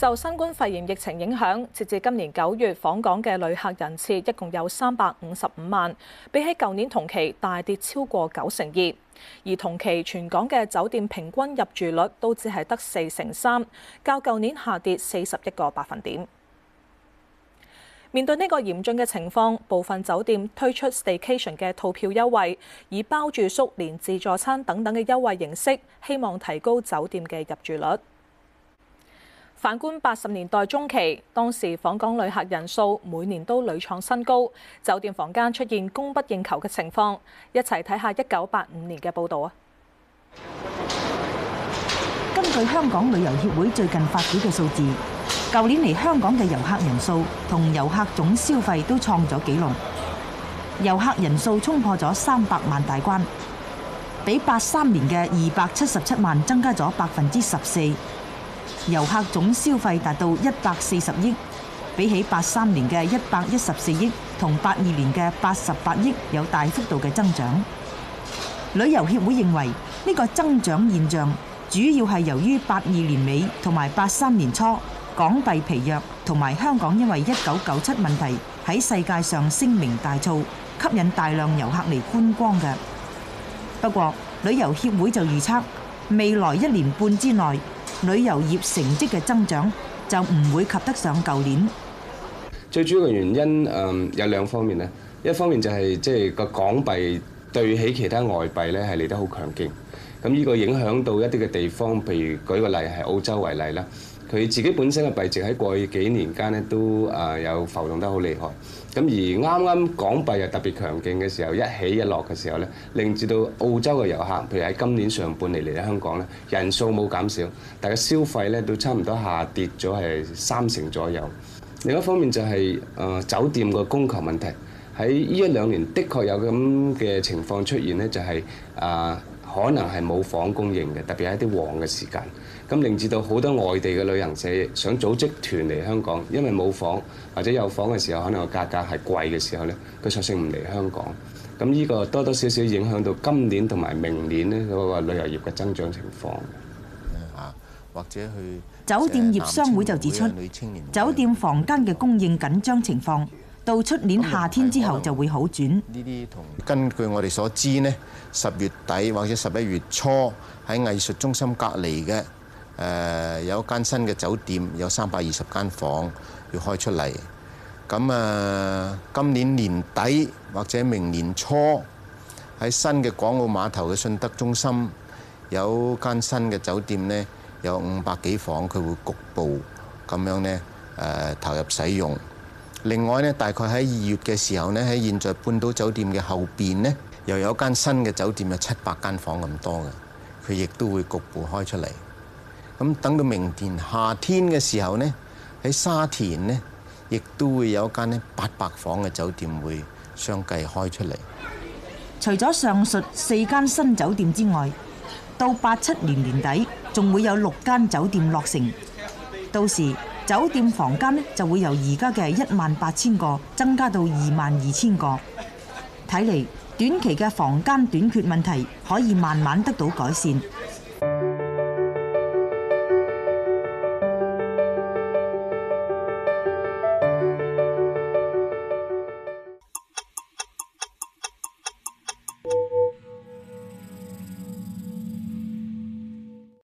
受新冠肺炎疫情影響，截至今年九月訪港嘅旅客人次一共有三百五十五萬，比起舊年同期大跌超過九成二。而同期全港嘅酒店平均入住率都只係得四成三，較舊年下跌四十一個百分點。面對呢個嚴峻嘅情況，部分酒店推出 staycation 嘅套票優惠，以包住宿、連自助餐等等嘅優惠形式，希望提高酒店嘅入住率。反觀八十年代中期，當時訪港旅客人數每年都屢創新高，酒店房間出現供不應求嘅情況。一齊睇下一九八五年嘅報導啊！根據香港旅遊協會最近發表嘅數字，舊年嚟香港嘅遊客人數同遊客總消費都創咗紀錄，遊客人數衝破咗三百萬大關，比八三年嘅二百七十七萬增加咗百分之十四。遊客總消費達到一百四十億，比起八三年嘅一百一十四億同八二年嘅八十八億有大幅度嘅增長。旅遊協會認為呢個增長現象主要係由於八二年尾同埋八三年初港幣疲弱，同埋香港因為一九九七問題喺世界上聲名大噪，吸引大量遊客嚟觀光嘅。不過旅遊協會就預測未來一年半之內，旅遊業成績嘅增長就唔會及得上舊年。最主要嘅原因誒有兩方面咧，一方面就係即係個港幣對起其他外幣咧係嚟得好強勁，咁呢個影響到一啲嘅地方，譬如舉個例係澳洲為例啦。佢自己本身嘅幣值喺過去幾年間咧都啊有浮動得好厲害，咁而啱啱港幣又特別強勁嘅時候，一起一落嘅時候咧，令至到澳洲嘅遊客，譬如喺今年上半年嚟到香港咧，人數冇減少，但係消費咧都差唔多下跌咗係三成左右。另一方面就係啊酒店個供求問題，喺呢一兩年的確有咁嘅情況出現咧，就係啊。可能係冇房供應嘅，特別係啲旺嘅時間，咁令至到好多外地嘅旅行社想組織團嚟香港，因為冇房或者有房嘅時候，可能個價格係貴嘅時候呢，佢索性唔嚟香港。咁呢個多多少少影響到今年同埋明年呢個旅遊業嘅增長情況。啊，或者去酒店業商會就指出酒店房間嘅供應緊張情況。到出年夏天之後就會好轉。呢啲同根據我哋所知咧，十月底或者十一月初喺藝術中心隔離嘅誒有間新嘅酒店，有三百二十間房要開出嚟。咁啊，今年年底或者明年初喺新嘅港澳碼頭嘅信德中心有間新嘅酒店咧，有五百幾房，佢會局部咁樣咧誒投入使用。另外呢，大概喺二月嘅時候呢，喺現在半島酒店嘅後邊呢，又有間新嘅酒店有七百間房咁多嘅，佢亦都會局部開出嚟。咁等到明年夏天嘅時候呢，喺沙田呢，亦都會有一間呢八百房嘅酒店會相繼開出嚟。除咗上述四間新酒店之外，到八七年年底仲會有六間酒店落成，到時，酒店房間呢就會由而家嘅一萬八千個增加到二萬二千個，睇嚟，短期嘅房間短缺問題可以慢慢得到改善。